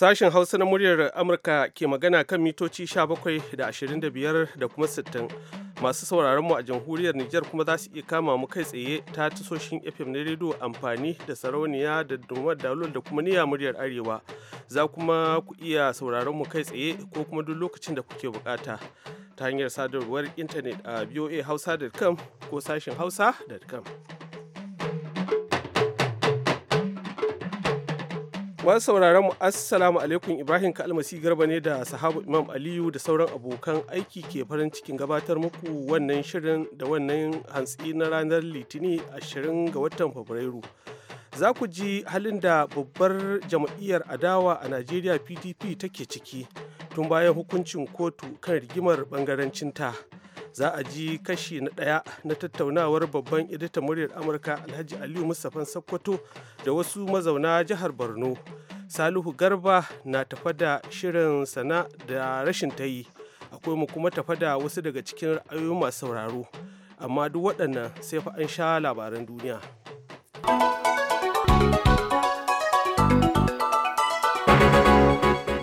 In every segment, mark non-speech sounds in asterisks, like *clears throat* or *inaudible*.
Sashen Hausa na muryar Amurka ke magana kan mitoci 17 da 25 da kuma 60. Masu sauraron mu a jamhuriyar Nijar kuma za su iya kama mu kai tsaye ta tasoshin FM na rediyo amfani da sarauniya da dumar dalol da kuma niya muryar Arewa. Za kuma ku iya sauraron mu kai tsaye ko kuma duk lokacin da kuke bukata. Ta hanyar sadarwar intanet a voahausa.com ko sashen hausa.com. Masu sauraron mu Assalamu alaikum Ibrahim Kalmasi Garba ne da sahabu Imam Aliyu da sauran abokan aiki ke farin cikin gabatar muku wannan shirin da wannan hantsi na ranar Litini 20 ga watan Fabrairu. Za ku ji halin da babbar jam'iyyar adawa a Najeriya PDP take ciki tun bayan hukuncin kotu kan rigimar bangarancinta. ta. za a ji kashi na ɗaya na tattaunawar babban editan muryar amurka alhaji aliyu mustapha sakkwato da wasu mazauna jihar borno salihu garba na tafa da shirin sana da rashin ta yi akwai mu kuma tafa da wasu daga cikin ra'ayoyi masu sauraro amma duk waɗannan sai fa an sha labaran duniya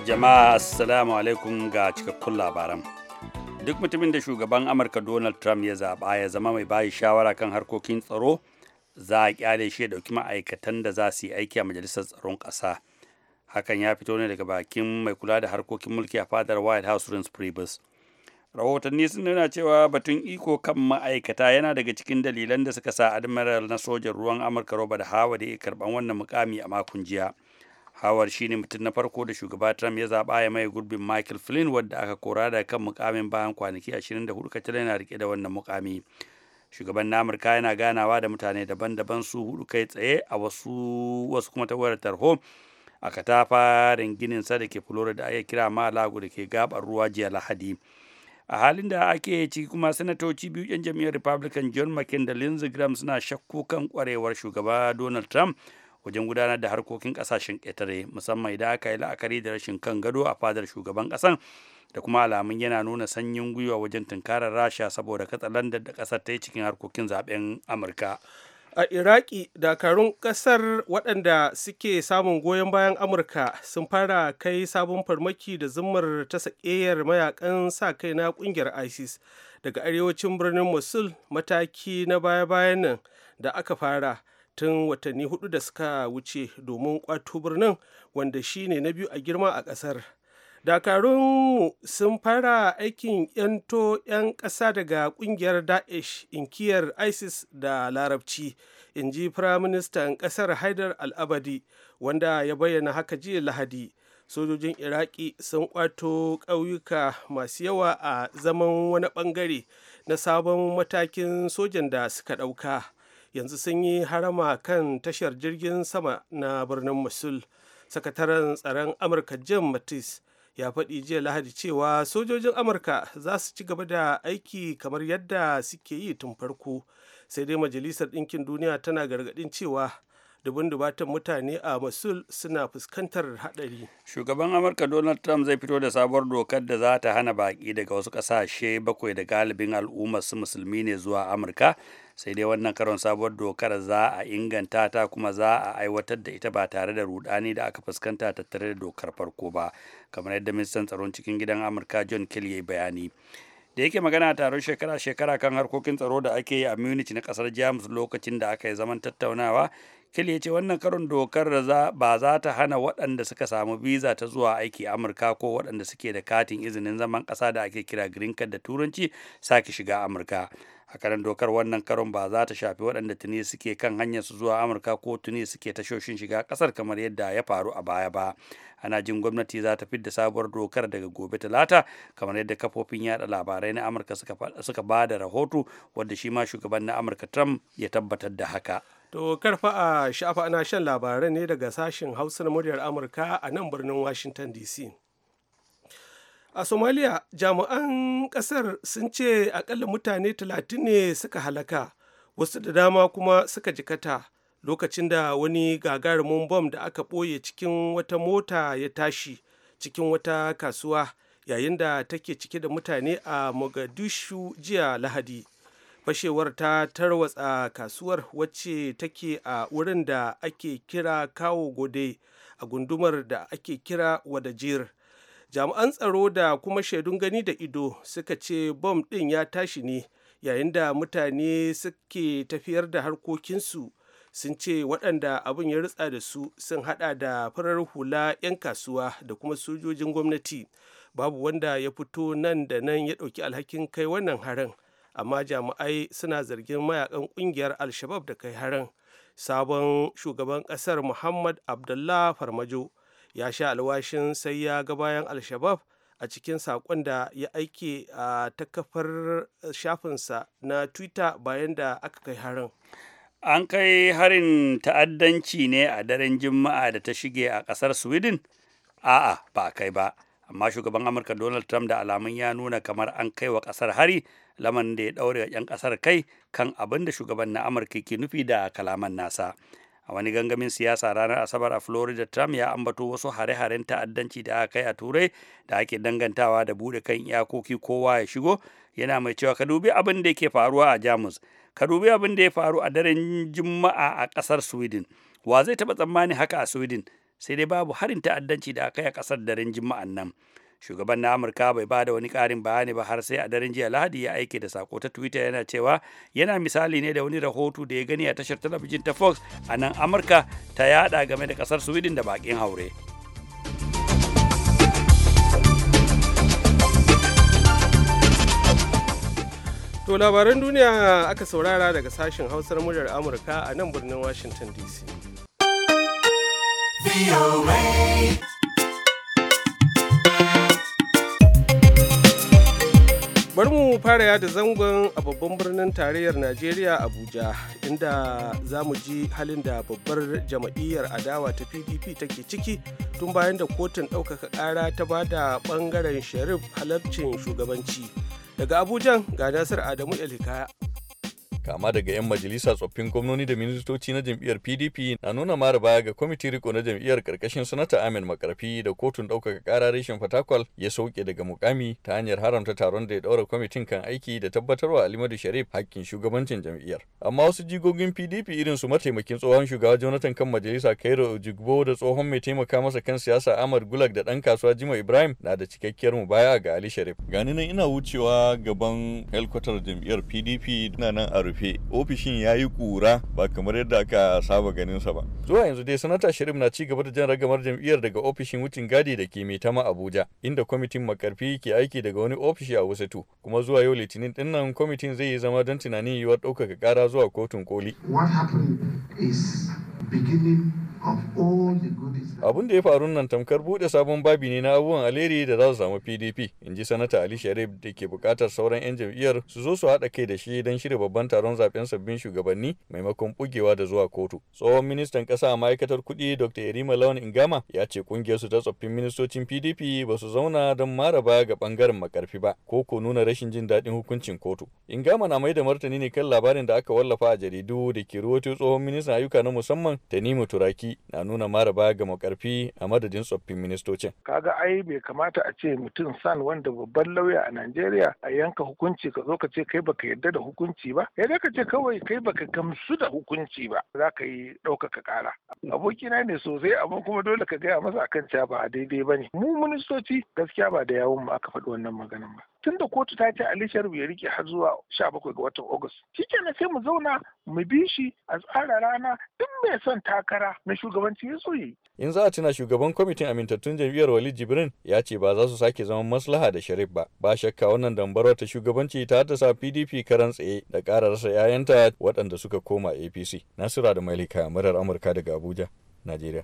jama'a assalamu alaikum ga cikakkun labaran duk mutumin da shugaban amurka donald trump ya zaɓa ya zama mai bayi shawara kan harkokin tsaro za a kyale shi ya dauki ma'aikatan da za su yi aiki a majalisar tsaron ƙasa hakan ya fito ne daga bakin mai kula da harkokin mulki a fadar white house rins priebus rahotanni sun nuna cewa batun iko kan ma'aikata yana daga cikin dalilan da suka sa admiral na sojan ruwan amurka robert howard ya karban wannan mukami a makon jiya howard shi ne mutum na farko da shugaba trump ya zaɓa ya mai gurbin michael flynn wadda aka kora da kan mukamin bayan kwanaki 24 kacal yana rike da wannan mukami shugaban na amurka yana ganawa da mutane daban-daban su hudu kai tsaye a wasu wasu kuma ta wayar tarho a katafarin ginin sa da ke florida da ake kira lagu da ke gabar ruwa jiya lahadi a halin da ake ciki kuma sanatoci biyu 'yan jam'iyyar republican john mccain da lindsey graham suna shakku kan kwarewar shugaba donald trump wajen gudanar da harkokin kasashen ƙetare musamman idan aka yi la'akari da rashin kan gado a fadar shugaban ƙasan da kuma alamun yana nuna sanyin gwiwa wajen tunkarar rasha saboda katsalandar da ƙasar ta yi cikin harkokin zaben amurka a iraki dakarun ƙasar waɗanda suke samun goyon bayan amurka sun fara kai sabon farmaki da zummar ta sakeyar mayakan sa kai na ƙungiyar isis daga arewacin birnin mosul mataki na baya-bayan nan da aka fara tun watanni hudu da suka wuce domin kwato birnin wanda shi ne na biyu a girma a ƙasar dakarun sun fara aikin yanto 'yan ƙasa daga ƙungiyar daesh inkiyar isis da larabci in ji firaministan ƙasar haidar al'abadi wanda ya bayyana haka jiya lahadi sojojin iraki sun kwato ƙauyuka masu yawa a zaman wani ɓangare na sabon matakin sojan da suka ɗauka yanzu sun yi harama kan tashar jirgin sama na birnin Mosul. Sakataren tsaron Amurka Jim Mattis ya faɗi jiya Lahadi cewa sojojin Amurka za su ci gaba da aiki kamar yadda suke yi tun farko. Sai dai Majalisar Ɗinkin Duniya tana gargaɗin cewa dubin dubatan mutane a Mosul suna fuskantar haɗari. Shugaban Amurka Donald Trump zai fito da sabuwar dokar da za ta hana baki daga wasu ƙasashe bakwai da galibin al'ummar su musulmi ne zuwa Amurka. Sai dai wannan karon sabuwar dokar za a inganta ta kuma za a aiwatar da ita ba tare da rudani da aka fuskanta tattare da dokar farko ba, kamar yadda ministan tsaron cikin gidan Amurka John Kelly ya bayani. da yake magana a taron shekara-shekara kan harkokin tsaro da ake yi a munich na kasar jamus lokacin da aka yi zaman tattaunawa Kelly ya ce wannan karin dokar ba za ta hana waɗanda suka samu visa ta zuwa aiki Amurka ko waɗanda suke da katin izinin zaman ƙasa da ake kira green card da turanci sake shiga Amurka. a karin dokar wannan karon ba za ta shafi waɗanda tuni suke kan hanyar su zuwa amurka ko tuni suke tashoshin shiga ƙasar kamar yadda ya faru a baya ba ana jin gwamnati za ta fidda sabuwar dokar daga gobe talata kamar yadda kafofin yada labarai na amurka suka ba da rahoto wadda shi ma shugaban na amurka trump ya tabbatar da haka To karfa a shafa ana shan labaran ne daga sashen Hausa na muryar Amurka a nan birnin Washington DC. A Somalia, jami'an ƙasar sun ce akalla mutane talatin ne suka halaka, wasu da dama kuma suka jikata lokacin da wani gagarumin bom da aka ɓoye cikin wata mota ya tashi cikin wata kasuwa yayin da take cike da mutane a Mogadishu jiya Lahadi. fashewar ta tarwatsa kasuwar wacce take a wurin da ake kira kawo gode a gundumar da ake kira wadajir jami'an tsaro da kuma shaidun gani da ido suka ce bom ɗin ya tashi ne yayin da mutane suke tafiyar da harkokinsu sun ce waɗanda abin ya rutsa da su sun haɗa da farar hula 'yan kasuwa da kuma sojojin gwamnati babu wanda ya fito nan da nan ya ɗauki alhakin kai wannan harin amma jami'ai suna zargin mayakan kungiyar al-shabab da kai harin sabon shugaban kasar muhammad abdullah farmajo ya sha alwashin sai ya ga bayan al-shabab a cikin saƙon da ya aike a takafar shafinsa na twitter bayan da aka kai harin an kai harin ta'addanci ne a daren juma'a da ta shige a ƙasar sweden a'a ba a kai ba amma shugaban amurka donald trump da alamun ya nuna kamar an kai wa ƙasar hari laman da ya ɗaure 'yan ƙasar kai kan abin da shugaban na amurka ke nufi da kalaman nasa a wani gangamin siyasa ranar asabar a florida trump ya ambato wasu hare-haren ta'addanci da aka kai a turai da ake dangantawa da bude kan iyakoki kowa ya shigo yana mai cewa ka dubi abin da yake faruwa a jamus ka dubi abin da ya faru a daren juma'a a ƙasar sweden wa zai taɓa tsammani haka a sweden sai dai babu harin ta'addanci da aka kai a kasar daren juma'an nan shugaban na amurka bai ba da wani karin bayani ba har sai a daren jiya lahadi ya aike da sako ta twitter yana cewa yana misali ne da wani rahoto da ya gani a tashar talabijin ta fox a nan amurka ta yada game da kasar sweden da bakin haure To labaran duniya aka saurara daga sashen hausar muryar Amurka a nan birnin Washington DC. bari mu fara yada zangon a babban birnin tarayyar najeriya abuja inda za mu ji halin da babbar jama'iyyar adawa ta pdp take ciki tun bayan da kotun ɗaukaka ƙara ta ba da ɓangaren sharif halarcin shugabanci daga abuja ga nasir adamu elhikaya kama daga 'yan majalisa tsoffin gwamnoni da ministoci na jam'iyyar pdp na nuna mara baya ga kwamitin riko na jam'iyyar karkashin sanata amin makarfi da kotun ɗaukaka ƙara reshen fatakwal ya sauke daga mukami ta hanyar haramta taron da ya daura kwamitin kan aiki da tabbatarwa alimadu sharif hakkin shugabancin jam'iyyar amma wasu jigogin pdp irin su mataimakin tsohon shugaba jonathan kan majalisa kairo ojigbo da tsohon mai taimaka masa kan siyasa ahmad gulag da dan kasuwa jima ibrahim na da cikakkiyar mu baya ga ali sharif gani ina wucewa gaban helkwatar jam'iyyar pdp na nan a rufe ofishin ya yi kura ba kamar yadda aka saba ganinsa ba zuwa yanzu dai sanata sharif na ci gaba da jan ragamar jam'iyyar daga ofishin wucin gadi da ke mai tama abuja inda kwamitin makarfi ke aiki daga wani ofishi a wasatu kuma zuwa yau litinin dinnan kwamitin zai yi zama don tunanin yiwuwar ɗaukaka ƙara zuwa kotun koli Abin da ya faru nan tamkar bude sabon babi ne na abubuwan aleri da za su samu PDP, in ji Sanata Ali Sharif da ke bukatar sauran 'yan jam'iyyar su zo su haɗa kai da shi don shirya babban taron zaben sabbin shugabanni maimakon bugewa da zuwa kotu. Tsohon ministan ƙasa a ma'aikatar kuɗi Dr. erima Lawan Ingama ya ce kungiyar su ta tsoffin ministocin PDP ba su zauna don maraba ga bangaren makarfi ba ko ko nuna rashin jin daɗin hukuncin kotu. Ingama na mai da martani ne kan labarin da aka wallafa a jaridu da ke ruwato tsohon ministan ayyuka na musamman Tanimu Turaki na nuna mara baya ga makarfi a madadin tsoffin ministocin. Kaga ai bai kamata a ce mutum san wanda babban lauya a Najeriya a yanka hukunci ka zo ka ce kai baka yarda da hukunci ba. Ya ka ce kawai kai baka gamsu da hukunci ba za ka yi ɗaukaka ƙara. Abokina ne sosai amma kuma dole ka gaya masa akan cewa ba daidai ba ne. Mu ministoci gaskiya ba da yawun mu aka faɗi wannan maganan ba. tun da kotu ta ce Ali Sharif ya rike har zuwa 17 ga watan Agus. Shikenan sai mu zauna mu bi shi a tsara rana duk mai son takara na shugabanci ya soye In za a tuna shugaban kwamitin amintattun jam'iyyar wali Jibrin ya ce ba za su sake zaman maslaha da Sharif ba. Ba shakka wannan dambar ta shugabanci ta haddasa PDP karan tsaye da ƙara rasa 'ya'yanta waɗanda suka koma APC. Nasira da Malika murar Amurka daga Abuja, Najeriya.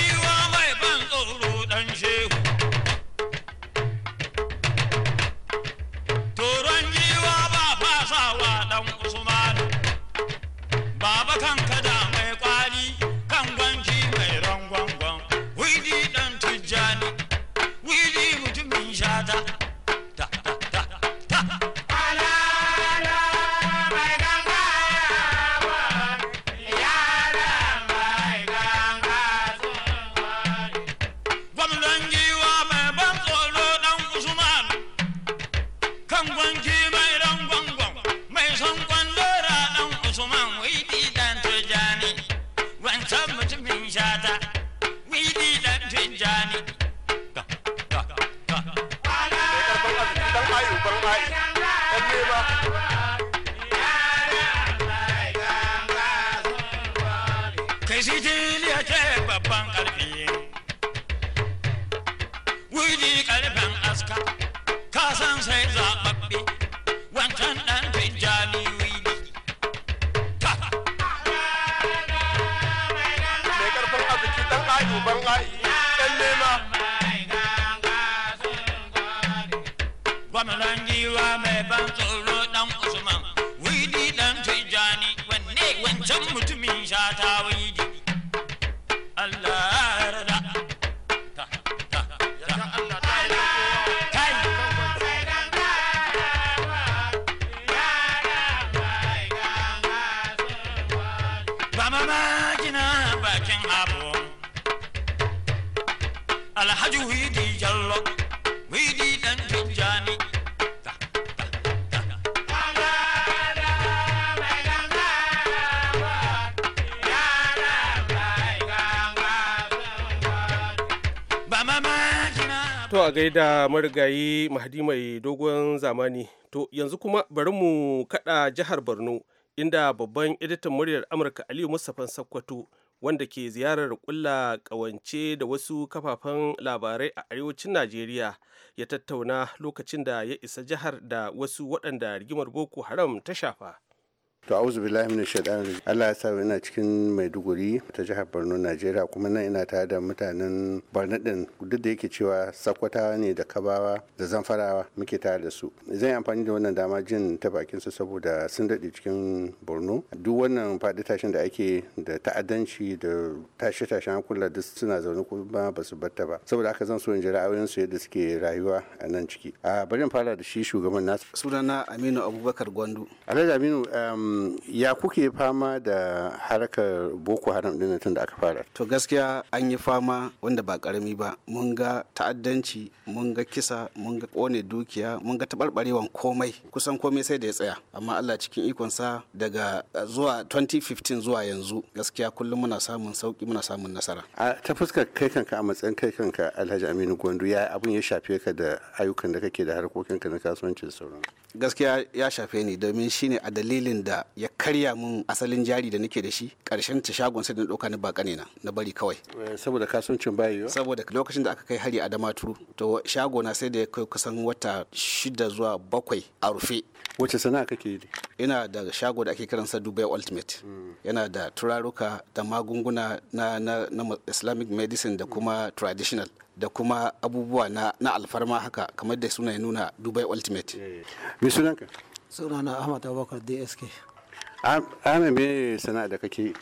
baba majina bakin abu alhaji widi jallo widi dan tijjani To a gaida marigayi Mahadi mai dogon zamani. To yanzu kuma bari mu kaɗa jihar Borno inda babban editan muryar amurka aliyu mustapha sakkwato wanda ke ziyarar kulla kawance da wasu kafafen labarai a arewacin najeriya ya tattauna lokacin da ya isa jihar da wasu waɗanda rigimar boko haram ta shafa To auzu billahi min shaitan Allah ya sa ina cikin Maiduguri ta jihar Borno Najeriya kuma nan ina tare da mutanen Borno din duk da yake cewa Sakkwatawa ne da Kabawa da Zamfarawa muke tare da su. Zan yi amfani da wannan dama jin ta bakin su saboda sun dade cikin Borno. Duk wannan faɗi tashin da ake da ta'addanci da tashi tashin hankula duk suna zaune kuma ba su batta ba. Saboda haka zan so in ji ra'ayoyin su yadda suke rayuwa a nan ciki. A bari in fara da shi shugaban nasu. Sunana Aminu Abubakar Gwandu. Alhaji Aminu um, ya kuke fama da harkar boko haram din tun da aka fara to gaskiya an yi fama wanda ba karami ba mun ga ta'addanci mun ga kisa mun ga kone dukiya mun ga taɓarɓarewan komai kusan komai sai da ya tsaya amma allah cikin ikon sa daga eh, zuwa 2015 zuwa yanzu gaskiya kullum muna samun sauki muna samun nasara a ta fuskar kai kanka a matsayin kai kanka alhaji aminu gwandu ya abin ya shafe ka da ayyukan da kake da harkokin ka na kasuwanci da sauran gaskiya ya shafe ni domin shine a dalilin da ya karya mun asalin jari da nake da shi karshen ta shagon sai da ɗauka ni ba ne na bari kawai eh, saboda kasancin bayi saboda lokacin da aka kai hari a damaturu to shago na sai da ya kai kusan wata shida zuwa bakwai a rufe wace sana'a kake yi ina da shago da ake kiransa dubai ultimate hmm. yana da turaruka da magunguna na, na, islamic medicine da kuma hmm. traditional da kuma abubuwa na, na alfarma haka kamar da suna nuna dubai ultimate yeah, yeah. sunanka sunana ahmad abubakar dsk Ana me sana'a da kake?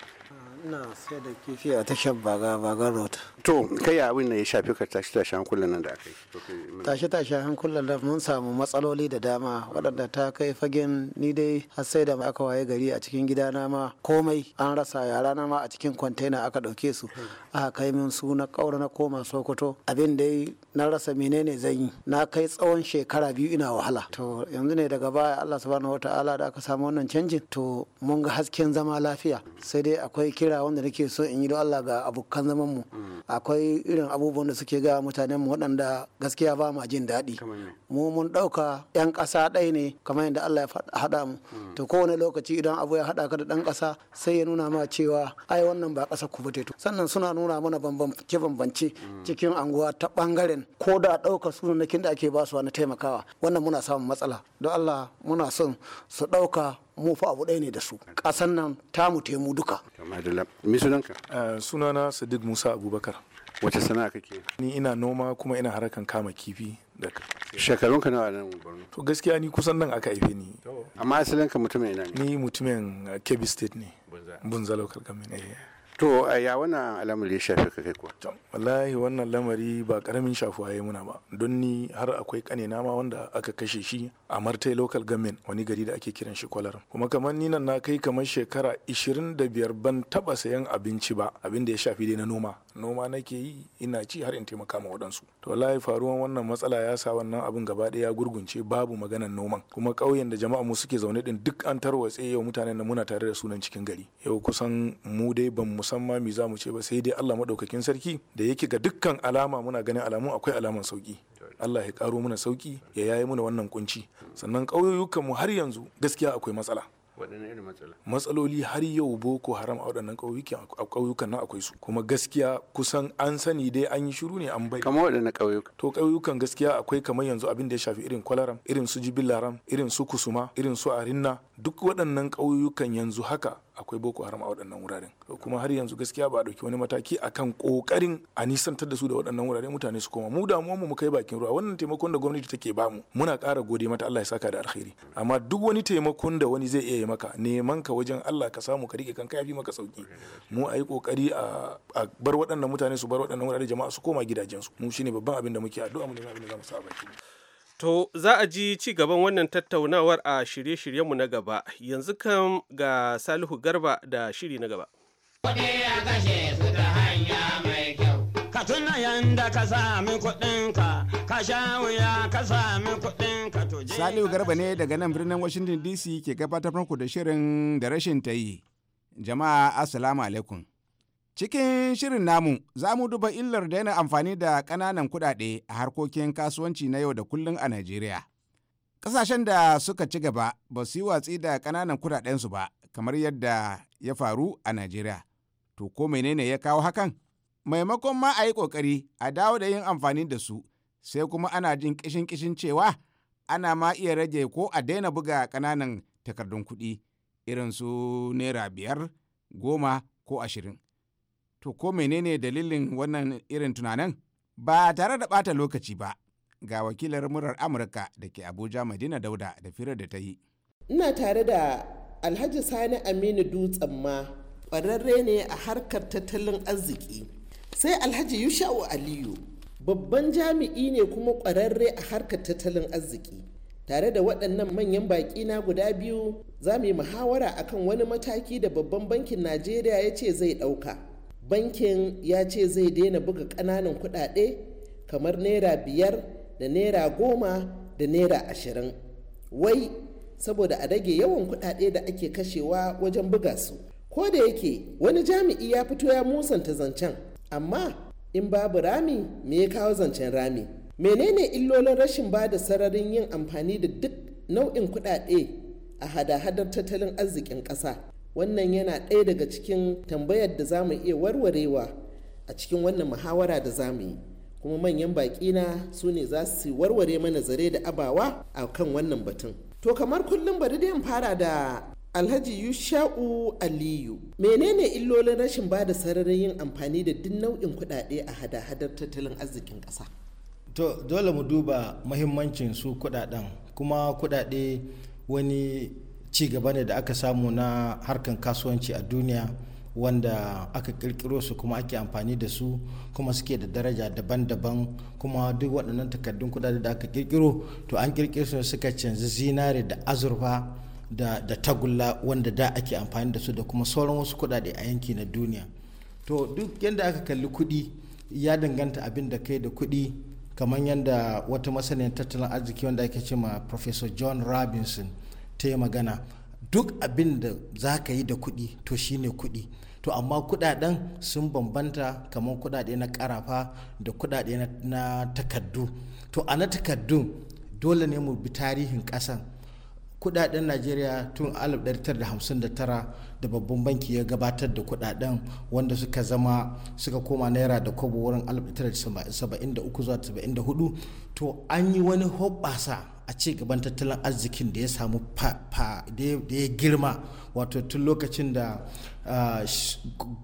Ina sai da kifi a tashar baga baga road. To kai abin da ya shafi ka tashi tashi hankulan nan da aka yi. Tashi tashi da mun samu matsaloli da dama waɗanda ta kai fagen ni dai har sai da aka waye gari a cikin gidana ma komai an rasa yara na ma a cikin kwantena aka ɗauke su aka kai min su na ƙaura na koma Sokoto abin dai na rasa menene zan yi na kai tsawon shekara biyu ina wahala to yanzu ne daga baya Allah subhanahu wataala da aka samu wannan canjin to mun ga hasken zama lafiya sai dai akwai kira wanda nake so in yi don Allah ga abokan zaman mu akwai irin abubuwan da suke ga mutanen mu waɗanda gaskiya ba ma jin daɗi mu mun ɗauka 'yan ƙasa ɗaya ne kamar yadda Allah ya haɗa mu hmm. to kowane lokaci idan abu ya haɗa ka da ɗan ƙasa sai ya nuna ma cewa ai wannan ba ƙasa ku sannan suna nuna mana bambance bambance hmm. cikin anguwa ta ɓangaren irin ko da ɗaukar sunanakin da ake su na taimakawa wannan muna samun matsala don allah muna son su ɗauka mu fa abu ɗaya ne da su ƙasan nan ta mu taimu duka. Eh, sunana sadiq musa abubakar wace sana'a kake ni ina noma kuma ina harakan kama kifi da shekarun ka nawa nan Borno to gaskiya ni kusan nan aka haife ni amma asalin ka mutumin ina ne ni mutumin eh, Kebbi state ne bunza local government eh. to ya wannan al'amari ya shafi ka kai kuwa wallahi wannan lamari ba karamin shafuwa ya muna ba don ni har akwai kanina ma wanda aka kashe shi a martai local government wani gari da ake kiran shi kwalarin kuma kamar ni nan na kai kamar shekara 25 ban taba sayan abinci ba abin da ya shafi dai na noma noma nake yi ina ci har in taimaka ma waɗansu to wallahi faruwan wannan matsala ya sa wannan abin gaba ɗaya ya gurgunce babu maganar noman kuma ƙauyen da jama'a mu suke zaune din duk an tarwatse yau mutanen nan muna tare da sunan cikin gari yau kusan mu dai ban musamman mi za mu ce ba sai dai Allah madaukakin sarki da yake ga dukkan alama muna ganin alamu akwai alaman sauki Allah ya karo mana sauki ya yayi mana wannan kunci sannan ƙauyukan mu har yanzu gaskiya akwai matsala matsala matsaloli har yau boko haram a waɗannan ƙauyukan nan akwai su kuma gaskiya kusan an sani dai an yi shiru ne an bai kamar waɗannan ƙauyukan to ƙauyukan gaskiya akwai kamar yanzu abin da ya shafi irin kwalaram irin su jibilaram irin su kusuma irin su arinna duk waɗannan ƙauyukan yanzu haka akwai boko haram a waɗannan wuraren kuma har yanzu gaskiya ba a ɗauki wani mataki akan ƙoƙarin a nisantar da su da waɗannan wuraren mutane su koma mu da mu mu kai bakin ruwa wannan taimakon da gwamnati take bamu muna ƙara gode mata Allah ya saka da alkhairi amma duk wani taimakon da wani zai iya yi maka neman ka wajen Allah ka samu ka rike kanka fi maka sauki mu a yi ƙoƙari a bar waɗannan mutane su bar waɗannan wuraren jama'a su koma gidajensu mu shine babban abin da muke addu'a mu ne abin da za mu sa To za a ji ci gaban wannan tattaunawar a shirye-shiryenmu na gaba yanzu kam ga Salihu Garba da shiri na gaba. a kashe su yanda ka sami Salihu Garba ne daga nan birnin Washington DC ke gabatar muku da shirin da rashin ta yi. Jama'a Assalamu alaikum. Cikin shirin namu za mu duba illar daina amfani da ƙananan kuɗaɗe a harkokin kasuwanci na yau da kullum a Najeriya. Ƙasashen da suka ci gaba ba su yi watsi da ƙananan kuɗaɗensu ba kamar yadda ya faru a Najeriya. To ko menene ya kawo hakan? Maimakon ma a yi ƙoƙari a dawo da yin amfani da su sai kuma ana jin ƙishin ƙishin cewa ana ma iya rage ko a daina buga ƙananan takardun kuɗi irin su naira biyar goma ko ashirin. To ko menene dalilin wannan irin tunanin? Ba tare da bata lokaci ba, ga wakilar murar Amurka da ke Abuja Madina Dauda da firar da ta yi. Ina tare da Alhaji Sani Aminu Dutsen ma ƙwararre ne a harkar tattalin arziki. Sai Alhaji Yusha'u Aliyu, babban jami'i ne kuma ƙwararre a harkar tattalin arziki. tare da waɗannan manyan baƙi na guda biyu za mu yi muhawara akan wani mataki da babban bankin najeriya ya ce zai ɗauka bankin ya ce zai daina buga ƙananan kuɗaɗe kamar naira biyar da naira goma da naira ashirin wai saboda a rage yawan kuɗaɗe da ake kashewa wajen buga su ko da yake wani jami'i ya fito ya musanta zancen amma in babu rami me ya kawo zancen rami menene illolin rashin ba da sararin yin amfani da duk nau'in kuɗaɗe a hada-hadar tattalin arzikin ƙasa wannan yana ɗaya daga cikin tambayar da za mu iya warwarewa a cikin wannan muhawara da za mu yi kuma manyan baƙi na su ne za su warware mana zare da abawa a kan wannan batun to kamar kullum bari dai fara da alhaji yusha'u aliyu menene illolin rashin ba da sararin yin amfani da duk nau'in kuɗaɗe a hada-hadar tattalin arzikin ƙasa to dole mu duba mahimmancin su kuɗaɗen kuma kuɗaɗe wani ci gaba ne da aka samu na harkan kasuwanci a duniya wanda aka kirkiro su kuma ake amfani da su kuma suke da daraja daban-daban kuma duk waɗannan takardun kudade da aka kirkiro to an kirkiro su suka canza zinare da azurfa da, da tagulla wanda da ake amfani da su da kuma sauran wasu kudade a yanki na duniya to duk yadda aka kalli kuɗi ya danganta abin da kai da kuɗi kamar yadda wata masaniyar tattalin arziki wanda ake ce ma professor john robinson ta yi magana duk abin da za ka yi da kuɗi to shine kuɗi to amma kuɗaɗen sun bambanta kamar kuɗaɗe na ƙarafa da kuɗaɗe na takardu to a na takardu dole ne mu bi tarihin ƙasan kuɗaɗen najeriya tun 1959 da babban banki ya gabatar da kuɗaɗen wanda suka zama suka koma naira da kobo wurin 1973 to an yi wani hoɓɓasa a ci gaban tattalin arzikin da ya samu da ya girma wato tun lokacin da ah,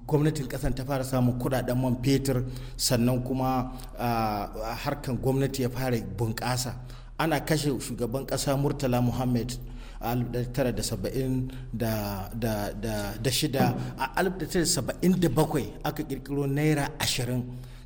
gwamnatin kasan ta fara samun kudaden man fetur sannan kuma ah, harkan gwamnati ya fara bunƙasa ana kashe shugaban ƙasa murtala muhammad 1976 a 1977 aka ƙirƙiro naira ashirin.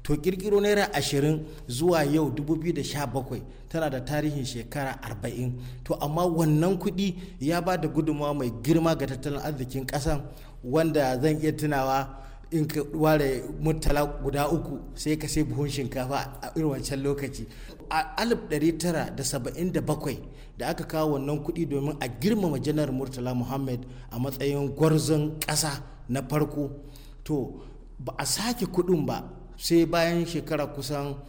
to kirkiro naira ashirin zuwa yau 2017 tana da tarihin shekara arba'in to amma wannan kuɗi ya ba da gudunmawa mai girma ga tattalin arzikin ƙasan wanda zan iya tunawa in ka ware murtala guda uku sai ka sai buhun shinkafa a irin wancan lokaci a 1977 da aka kawo wannan kuɗi domin a girmama janar murtala muhammad a matsayin gwarzon ƙasa na farko to ba a sake kuɗin ba sai bayan shekara kusan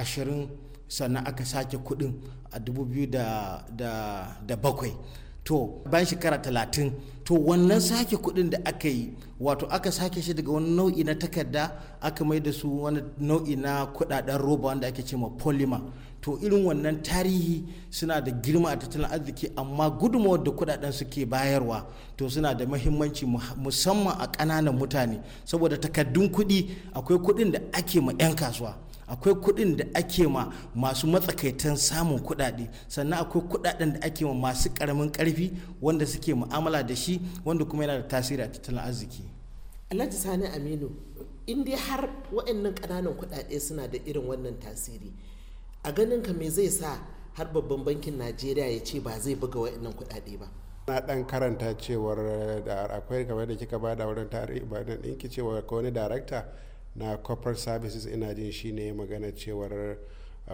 ashirin sannan aka sake kudin a 2007 to ban shekara talatin to wannan sake kuɗin da aka yi wato aka sake shi daga wani nau'i na takarda aka mai da su wani nau'i na kuɗaɗen roba wanda ake cewa polymer to irin wannan tarihi suna da girma a tattalin arziki amma gudunmawar da kuɗaɗen suke bayarwa to suna da mahimmanci musamman a ƙananan mutane saboda takardun kuɗi akwai kuɗin da ake ma 'yan kasuwa akwai kuɗin da ake ma masu matsakaitan samun kuɗaɗe sannan akwai kuɗaɗen da ake ma masu ƙaramin ƙarfi wanda suke mu'amala da shi wanda kuma yana da tasiri a tattalin arziki alhaji sani aminu in dai har waɗannan ƙananan kuɗaɗe suna da irin wannan tasiri a ganin ka me zai sa har babban bankin najeriya ya ce ba zai buga waɗannan kuɗaɗe ba na dan karanta cewar da akwai kamar da kika bada wurin tarihi ba ɗinki cewa ko wani darakta na corporate services ina jin shi ne magana cewar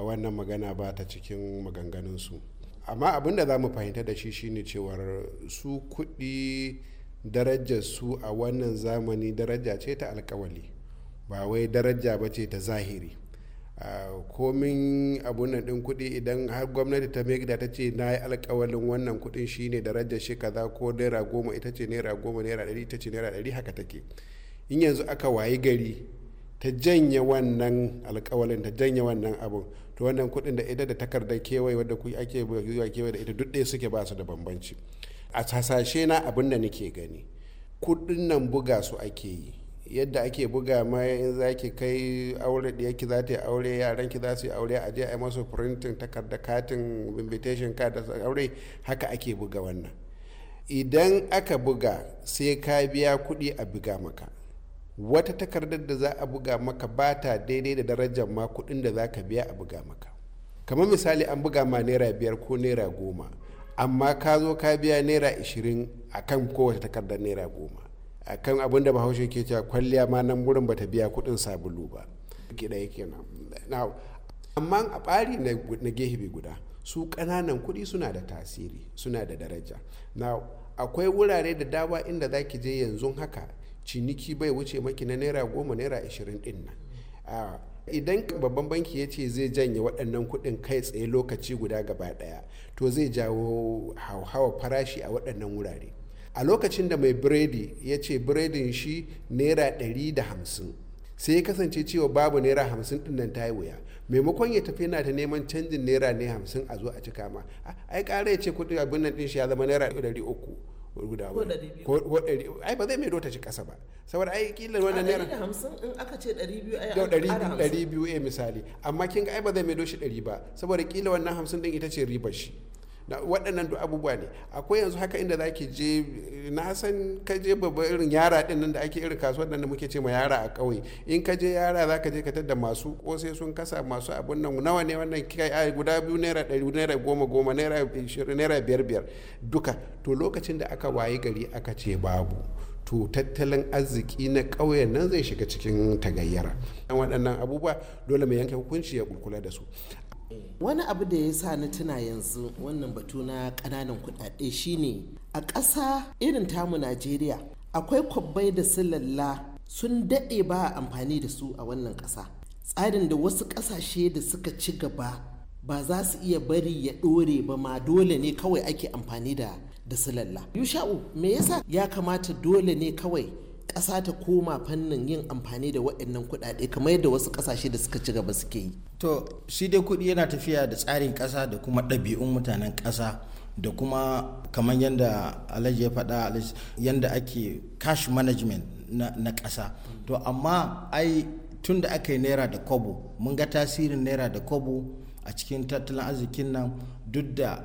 wannan magana ba ta cikin maganganunsu amma abin da za mu fahimta da shi shine cewar su kuɗi darajar su a wannan zamani daraja ce ta alkawali ba wai daraja ba ce ta zahiri komin abun din kuɗi idan har gwamnati ta megida ta ce na yi alkawalin wannan kuɗin shine darajar shi kaza ko naira goma ita ce naira goma naira ɗari ita ce naira ɗari haka take in yanzu aka wayi gari ta janye wannan alkawalin ta janye wannan abun to wannan kuɗin da ita da takardar kewaye wadda ku ake zuwa kewaye da ita duk ɗaya suke ba da bambanci a hasashe na abin da nake gani kuɗin nan buga su ake yi yadda ake buga ma in za ki kai aure da yake za ta yi aure yaran ki za su yi aure a je a yi masu printing takarda katin invitation card aure haka ake buga wannan idan aka buga sai ka biya kuɗi a buga maka wata takardar da za a buga maka ba ta daidai da darajar ma kuɗin da za ka biya a buga maka kamar misali an buga ma naira biyar ko naira goma amma ka zo ka biya naira ishirin a kan kowace takardar naira goma a kan abin da bahaushe ke cewa kwalliya ma nan gurin ta biya kuɗin sabulu ba amma a ɓari na gefe guda su ƙananan kuɗi suna da tasiri suna da daraja na akwai wurare da dawa inda za ki je yanzu haka ciniki bai wuce maki na naira goma naira ashirin din nan idan babban banki ya ce zai janye waɗannan kuɗin kai tsaye lokaci guda gaba ɗaya to zai jawo hauhawa farashi a waɗannan wurare a lokacin da mai biredi ya ce biredin shi naira ɗari da hamsin sai ya kasance cewa babu naira hamsin ɗin nan ta yi wuya maimakon ya tafi yana ta neman canjin naira ne hamsin a zo a cika ma ai ƙara ya ce kuɗin abin nan ɗin shi ya zama naira ɗari uku guda ba ko ɗari ai ba zai mai dota kasa ba saboda ai kila wannan naira da hamsin in aka ce ɗari biyu ai ɗari biyu eh misali amma kin ga ai ba zai mai doshi ɗari ba saboda kila wannan hamsin ɗin ita ce ribar shi waɗannan duk abubuwa ne akwai yanzu haka inda za ki je na san ka je babban irin yara ɗin nan da ake irin kasuwar nan da muke ce ma yara a ƙauye in ka je yara za ka je ka da masu sai sun kasa masu abun nan nawa ne wannan kai guda biyu naira ɗari naira goma goma naira ishirin naira biyar biyar duka to lokacin da aka wayi gari aka ce babu to tattalin arziki na ƙauyen nan zai shiga cikin tagayyara waɗannan abubuwa dole mai yanke hukunci ya kula da su Eh. wani abu da ya sa ni tuna yanzu wannan batu na ƙananan kuɗaɗe shine a ƙasa irin tamu najeriya akwai kwabbai da silalla sun daɗe ba amfani da su a wannan ƙasa tsarin da wasu ƙasashe da suka ci gaba ba za su iya bari ya ɗore ba ma dole ne kawai ake amfani da da silalla yusha'u me yasa ya kamata dole ne kawai kasa ta koma fannin yin amfani da waɗannan kuɗaɗe kamar yadda wasu ƙasashe da suka ci gaba suke yi. To shi dai kuɗi yana tafiya da tsarin ƙasa da kuma ɗabi'un mutanen kasa da kuma kamar yadda Alhaji ya faɗa yadda ake cash management na ƙasa. To amma ai tun da aka yi naira da kobo mun ga tasirin naira da kobo a cikin tattalin arzikin nan duk da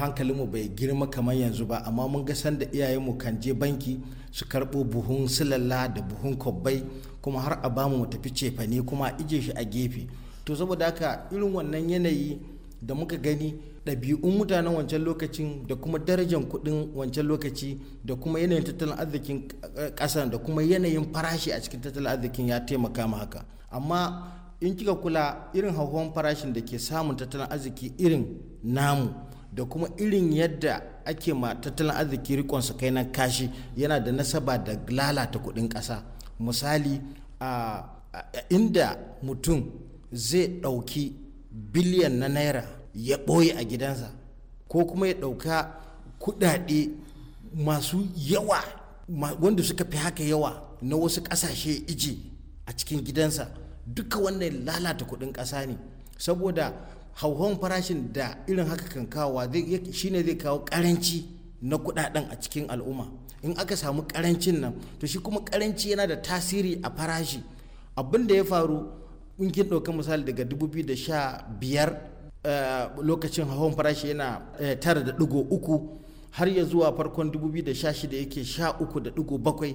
hankalinmu bai girma kamar yanzu ba amma mun ga sanda iyayenmu kan je banki su karɓo buhun silalla da buhun kwabbai kuma har a bamu mu tafi cefane kuma a ije shi a gefe to saboda haka irin wannan yanayi da muka gani ɗabi'un mutanen wancan lokacin da kuma darajar kuɗin wancan lokaci da kuma yanayin tattalin arzikin eh, ƙasa da kuma yanayin farashi a cikin tattalin arzikin ya taimaka ma haka amma in kika kula irin hauhawan farashin da ke samun tattalin arziki irin namu da kuma irin yadda ake ma tattalin arziki rikon kai nan kashi yana da nasaba da lalata kudin ƙasa misali a inda mutum zai ɗauki biliyan na naira ya ɓoye a gidansa ko kuma ya ɗauka kuɗaɗe masu yawa wanda suka fi haka yawa na wasu ƙasashe iji a cikin gidansa duka wannan lalata kudin kasa ne saboda hauhawan farashin da irin haka kan shi shine zai kawo karanci na kudaden a cikin al'umma in aka samu karancin nan to shi kuma karanci yana da tasiri a farashi abin da ya faru in kin ɗauka misali daga 2015 eh, lokacin hauhawan farashi yana eh, tara da ɗigo uku har ya zuwa farkon 2016 yake 13.7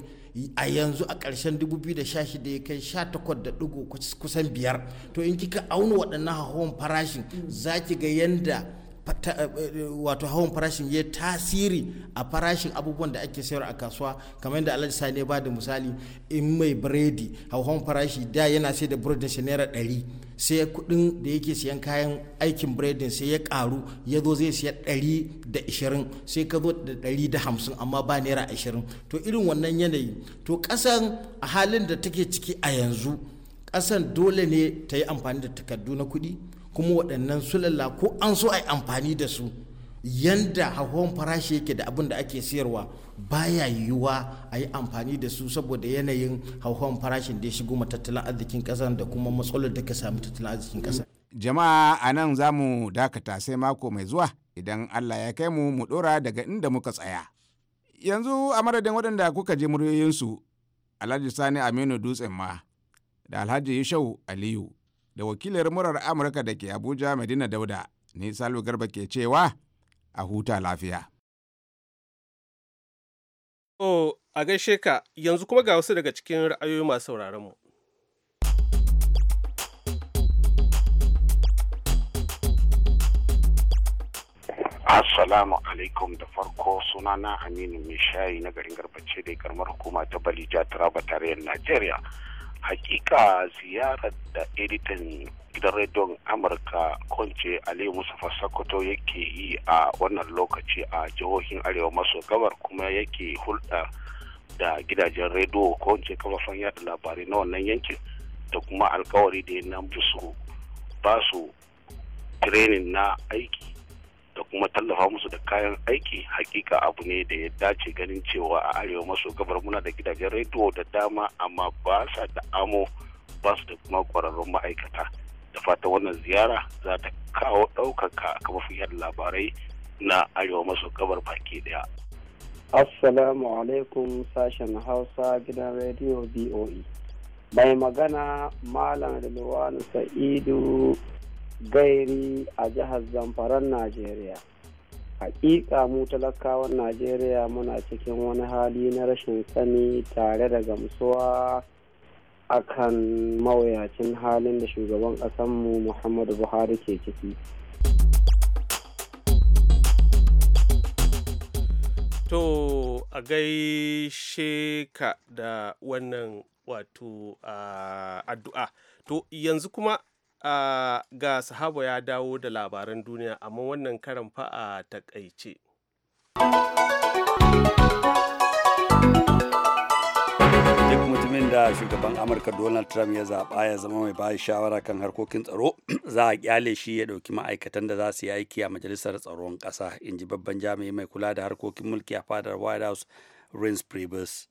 a yanzu a ƙarshen 2016 ya kai 18.5 kusan biyar to in kika auna waɗannan hawan farashin za ki ga yanda Eh, eh, wato hawan farashin ya tasiri a farashin abubuwan da ake sayar a kasuwa kamar yadda alhaji sani ba da misali in mai biredi hawan farashi da yana sai da biredin shi naira ɗari sai kuɗin da yake siyan kayan aikin biredin sai ya ƙaru ya zo zai siya ɗari da ishirin sai ka zo da ɗari da hamsin amma ba naira ashirin to irin wannan yanayi to ƙasan a halin da take ciki a yanzu ƙasan dole ne ta yi amfani da takardu na kuɗi kuma waɗannan sulalla ko an so a yi amfani da su yanda hauhawan farashi yake da abin da ake siyarwa baya yiwuwa a yi amfani da su saboda yanayin hauhawan farashin da ya shigo tattalin arzikin ƙasar da kuma matsalar da ka sami tattalin arzikin ƙasa. jama'a a nan za mu dakata sai mako mai zuwa idan allah ya kai mu mu ɗora daga inda muka tsaya yanzu a madadin waɗanda kuka je muryoyinsu alhaji sani aminu dutsen ma da alhaji yushau aliyu da wakilar murar amurka da ke abuja madina dauda ni Salu garba ke cewa a huta lafiya oh a gaishe ka yanzu kuma ga wasu daga cikin ra'ayoyi masu sauraron mu Assalamu alaikum da farko sunana Aminu Mishayi na garin garbace da karmar hukuma ta Balija Taraba tarayyar Najeriya. hakika ziyarar da editan gidan rediyon amurka kwance aliyu mustapha sokoto yake yi a wannan lokaci a jihohin arewa maso gabar kuma yake hulɗa da gidajen rediyo kwance kafafen yada labarai na wannan yankin da kuma alkawari da ya na ba su training na aiki kuma tallafa musu da kayan aiki hakika abu ne da ya dace ganin cewa a arewa maso gabar muna da gidajen rediyo da dama amma ba sa da amo ba su da kuma kwararrun ma'aikata da fata wannan ziyara za ta kawo ɗaukaka a kafafin labarai na arewa maso gabar baki daya. Assalamu alaikum sashen Hausa gidan rediyo BOE. Mai magana Malam Rilwanu Sa'idu gairi a jihar zamfaran najeriya hakika mu talakawan najeriya muna cikin wani hali na rashin sani tare da gamsuwa akan mawuyacin halin da shugaban ƙasanmu muhammadu buhari ke ciki To a gaishe ka da wannan wato ah, addu'a. To yanzu kuma Uh, ga sahaba ya dawo da labaran duniya amma wannan karan fa a takaice. duk mutumin da shugaban amurka donald trump ya zaɓa ya zama mai bayan shawara kan harkokin tsaro *clears throat* za a kyale shi ya ɗauki ma'aikatan da za su yi aiki a majalisar tsaron ƙasa in ji babban jami'i mai kula da harkokin mulki a fadar white house rince priebus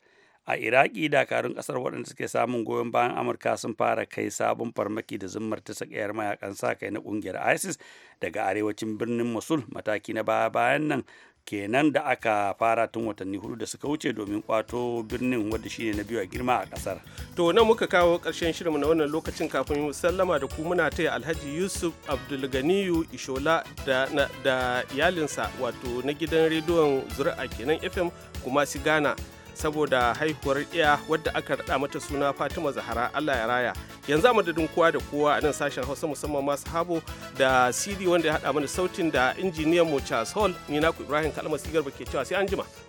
a iraki dakarun kasar waɗanda suke samun goyon bayan amurka sun fara kai sabon farmaki da zummar ta sakayar mayakan sa kai na kungiyar isis daga arewacin birnin musul mataki na baya bayan nan kenan da aka fara tun watanni hudu da suka wuce domin kwato birnin wadda shine na biyu a girma a kasar to nan muka kawo karshen shirinmu na wannan lokacin kafin mu sallama da ku muna taya alhaji yusuf abdulganiyu ishola da iyalinsa wato na gidan rediyon zura'a kenan fm kuma si ghana saboda haihuwar iya wadda aka raɗa mata suna fatima zahara allah ya raya yanzu a madadin kowa da kowa a nan sashen hausa musamman masu habo da cd wanda ya haɗa mana sautin da injiniyan mu charles hall ni naku ibrahim kalmar sigar ke cewa sai an jima.